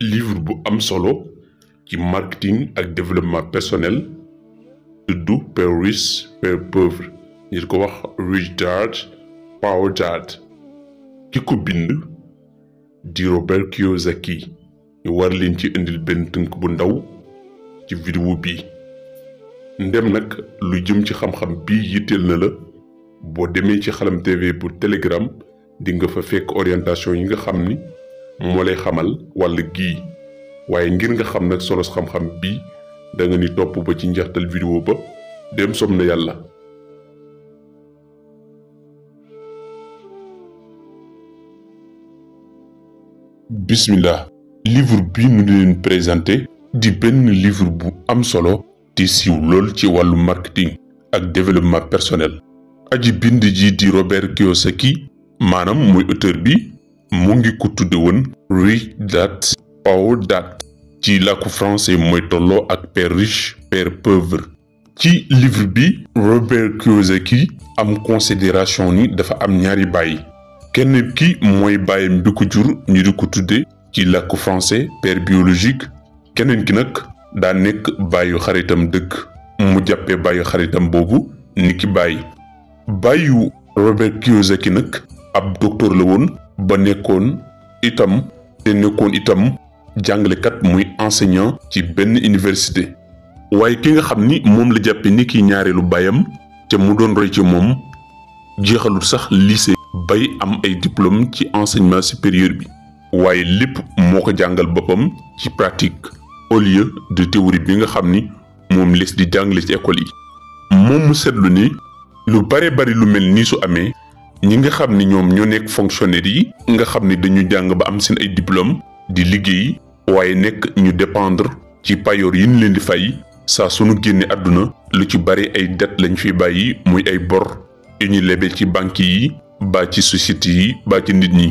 livre bu am solo ci marketing ak développement personnel tudd Père riche Père pauvre ko wax Rich Dad Poor Dad ki ko bind di Robert Kiyosaki ñu war leen ci indil benn tunk bu ndaw ci vidéo bi ndem nag lu jëm ci xam-xam bii yitteel na la boo demee ci xalam tv bu telegram di nga fa fekk orientation yi nga xam ni moo lay xamal wàll gii waaye ngir nga xam nag solo xam-xam bi da nga ni topp ba ci njeextal vidéo ba dem som na yàlla bismillah livre bi nu leen présenté di benn livre bu am solo te siiw lool ci wàllu marketing ak développement personnel aji bind ji di Robert Kiyosaki maanaam mooy auteur bi mu ngi ko tudde woon riche dad poor dad ci làkku français mooy tolloo ak père riche père pauvre ci livre bi Robert Kiyosaki am considération ni dafa am ñaari baay kenn ki mooy baayam bi ko jur ñu di ko tudde ci làkku français père biologique keneen ki nag daa nekk baayu xaritam dëkk mu jàppee baayu xaritam boobu ni bàyyi baay baayu Robert ki nag ab docteur la woon ba nekkoon itam te nekkoon itam jàngalekat muy enseignant ci benn université waaye ki nga xam ni moom la jàppe ni ki ñaareelu baayam te mu doon roy ci moom jeexalu sax lycée bay am ay diplôme ci enseignement supérieur bi waaye lépp moo ko jàngal boppam ci pratique au lieu de théorie bi nga xam ni moom lees di jàngale ci école yi moom mu seetlu ni lu bare bari lu mel nii su amee ñi nga xam ni ñoom ñoo nekk fonctionnaire yi nga xam ni dañu jàng ba am seen ay diplôme di liggéey waaye nekk ñu dépendre ci payoor yi ñu leen di fay saa sunu génne àdduna lu ci bari ay dette lañ fi bàyyi muy ay bor yu ñuy lebe ci banque yi ba ci société yi ba ci nit ñi.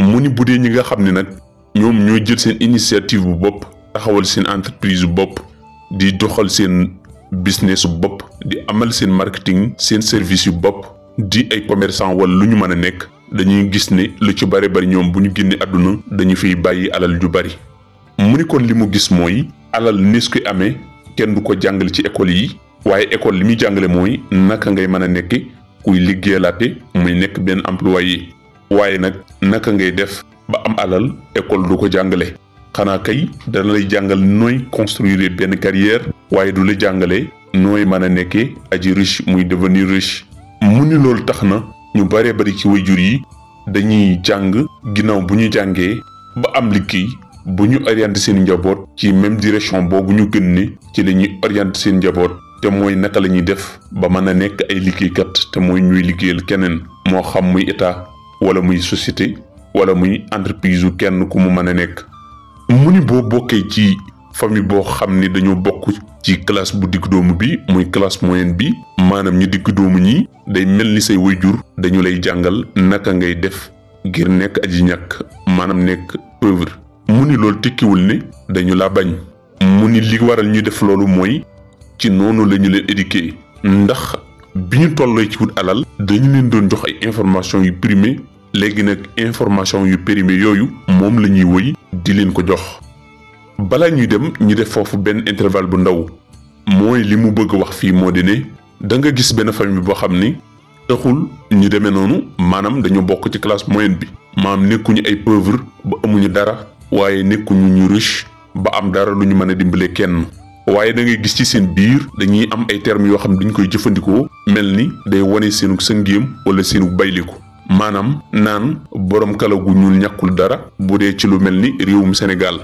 mu ni bu dee ñi nga xam ni nag ñoom ñoo jël seen initiative bu bopp taxawal seen entreprise bu bopp di doxal seen business bopp di amal seen marketing seen service yu bopp. di ay commerçant wala lu ñu mën a nekk dañuy gis ne lu ci bari bari ñoom bu ñu génnee àdduna dañu fiy bàyyi alal ju bari mu ni kon li mu gis mooy alal nis kuy amee kenn du ko jàngale ci école yi waaye école li muy jàngale mooy naka ngay mën a nekk kuy liggéeyalaate muy nekk benn yi waaye nag naka ngay def ba am alal école du ko jàngale xanaa kay dana lay jàngal nooy construire benn carrière waaye du la jàngale nooy mën a nekkee aji riche muy devenir riche mu ni loolu tax na ñu baree bari ci jur yi dañuy jàng ginnaaw bu ñu jàngee ba am liggéey bu ñu orienté seen njaboot ci même direction boobu ñu gën ne ci lañuy ñuy orienté seen njaboot te mooy naka la ñuy def ba mën a nekk ay liggéeykat te mooy ñuy liggéeyal keneen moo xam muy état wala muy société wala muy entreprise u kenn ku mu mën a nekk mu ni boo bokkee ci famille boo xam ni dañoo bokk ci classe bu digg doomu bi muy classe moyenne bi maanaam ñu digg doomu ñi day mel ni say wayjur dañu lay jàngal naka ngay def ngir nekk aji ñàkk maanaam nekk pauvre mu ni loolu tekkiwul ne dañu laa bañ mu ni li waral ñu def loolu mooy ci noonu la leen éduqué ndax bi ñu tolloo ci wut alal dañu leen doon jox ay information yu primé léegi nag information yu périmé yooyu moom la ñuy wëy di leen ko jox balaa ñuy dem ñu def foofu benn intervalle bu ndaw mooy li mu bëgg wax fii moo di ne da nga gis benn famille boo xam ni taxul ñu demee noonu maanaam dañoo bokk ci classe moyenne bi maanaam nekkuñu ay pauvre ba amuñu dara waaye nekkuñu ñu riche ba am dara lu ñu mën a dimbale kenn waaye da ngay gis ci seen biir dañuy am ay termes yoo xam dañ koy jëfandikoo mel ni day wane seenug sëngéem wala seenug bayliku maanaam naan borom kala gu ñuul ñàkkul dara bu dee ci lu mel ni réewum Sénégal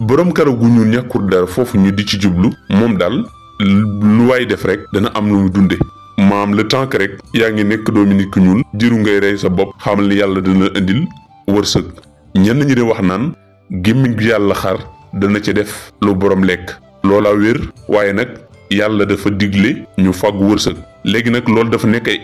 borom karaw gu ñuul ña dara foofu ñu di ci jublu moom daal lu waay def rek dana am lu mu dunde maam le tànk que rek yaa ngi nekk doomi nit ku ñuul jiru ngay rey sa bopp xamal ni yàlla dana indil wërsëg ñenn ñi di wax naan gémmiñ gu yàlla xar dana ci def lu borom lekk loola wér waaye nag yàlla dafa digle ñu fàggu wërsëg léegi nag loolu dafa nekk ay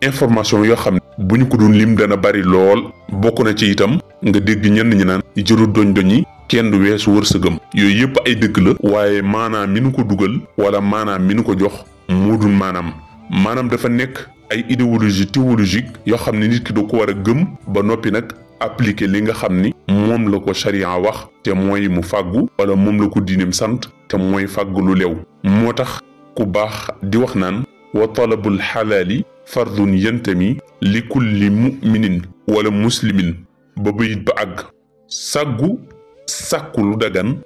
information yoo xam ne bu ñu ko doon lim dana bari lool bokk na ci itam nga dégg ñenn ñi naan jëru doñ doñ kenn du weesu wërsëgam yooyu yëpp ay dëkk la waaye maanaam mi nu ko dugal wala maanaam mi nu ko jox moo dul maanaam maanaam dafa nekk ay idéologie théologique yoo xam ne nit ki du ko war a gëm ba noppi nag appliquer li nga xam ni moom la ko charia wax te mooy mu fàggu wala moom la ko diineem sant te mooy fàggu lu lew moo tax ku baax di wax naan wa talabul xalaali fardun yantami li kulli muminin wala muslimin ba bayit ba àgg saggu sàkku lu dagan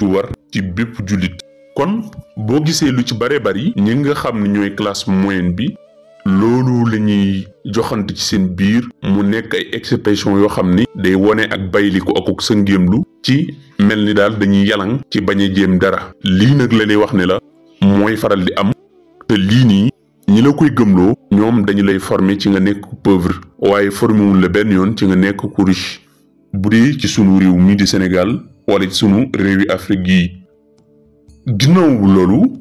ju war ci bépp jullit kon boo gisee lu ci bare bari ñi nga xam ne ñooy classe moyenne bi loolu lañuy ñuy joxante ci seen biir mu nekk ay exception yoo xam ni day wone ak bayliku akuk sa ngéemlu ci mel ni daal dañuy yalang ci bañ a jéem dara lii nag la lay wax ni la mooy faral di am te lii nii ñi la koy gëmloo ñoom dañu lay former ci nga nekk pauvre waaye formewul la benn yoon ci nga nekk ku riche bu dee ci sunu réew mi di Sénégal wala ci sunu réewi Afrique yi ginnaaw loolu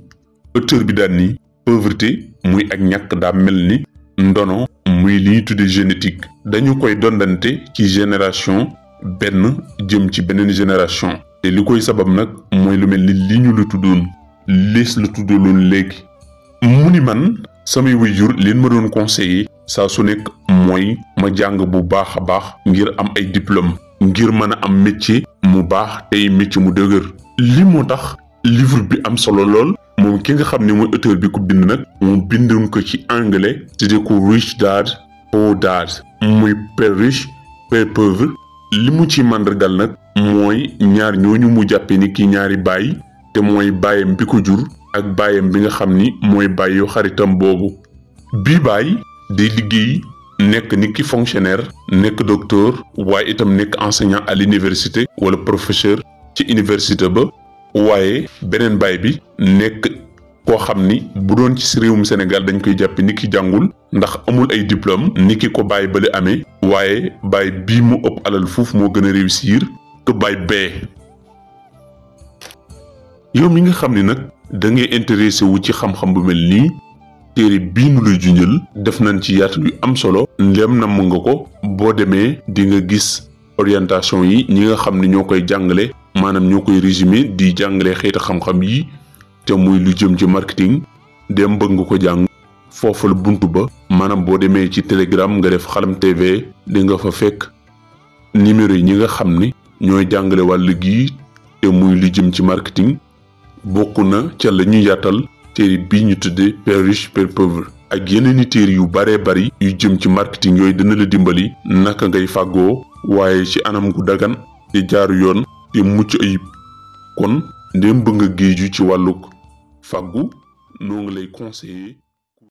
auteur bi daan ni pauvreté muy ak ñàkk daa mel ni ndono muy li ñuy tudde génétique dañu koy dondante ci génération benn jëm ci beneen génération te li koy sabab nag mooy lu mel ni li ñu la tuddoon lees la tuddaloon léegi mu ni man samay waajur leen ma doon conseiller saa su nekk mooy ma jàng bu baax a baax ngir am ay diplôme ngir mën a am métier mu baax tey métier mu dëgër li moo tax livre bi am solo lool moom ki nga xam ni mooy auteur bi ko bind nag moom bindoon ko ci anglais tuddee ko Rich Dad Poor Dad muy père riche père pauvre li mu ci màndargal nag mooy ñaar ñooñu mu jàppe ni ki ñaari baay te mooy baayam bi ko jur ak baayam bi nga xam ni mooy baayu xaritam boobu bii baay day liggéey nekk nit ki fonctionnaire nekk docteur waaye itam nekk enseignant à l'université wala professeur ci université ba waaye beneen baay bi nekk koo xam ni bu doon ci réewum Sénégal dañ koy jàpp ni ki jàngul ndax amul ay diplôme ni ki ko baay bale amee waaye baay bii mu ëpp alal fuuf moo gën a réussir que baay bee yow mi nga xam ni nag da ngay intéressé wu ci xam-xam bu mel nii téere bii nu lay junjal def nañ ci yaatu yu am solo ndem na mu nga ko boo demee di nga gis orientation yi ñi nga xam ne ñoo koy jàngale maanaam ñoo koy résumé di jàngale xeeti xam-xam yi te muy lu jëm ci marketing dem bëgg nga ko jàng foofu la buntu ba maanaam boo demee ci telegram nga def xalam tv di nga fa fekk numéro yi ñi nga xam ni ñooy jàngale wàll gii te muy lu jëm ci marketing bokk na ca la ñu yaatal téere bi ñu tudde Père riche père pauvre ak yeneen i téere yu baree bari yu jëm ci marketing yooyu dina la dimbali naka ngay fàggoo waaye ci anam gu dagan di jaar yoon te mucc ayib kon ndéem bëgg nga géeju ci wàllu fàggu noo ngi lay conseiller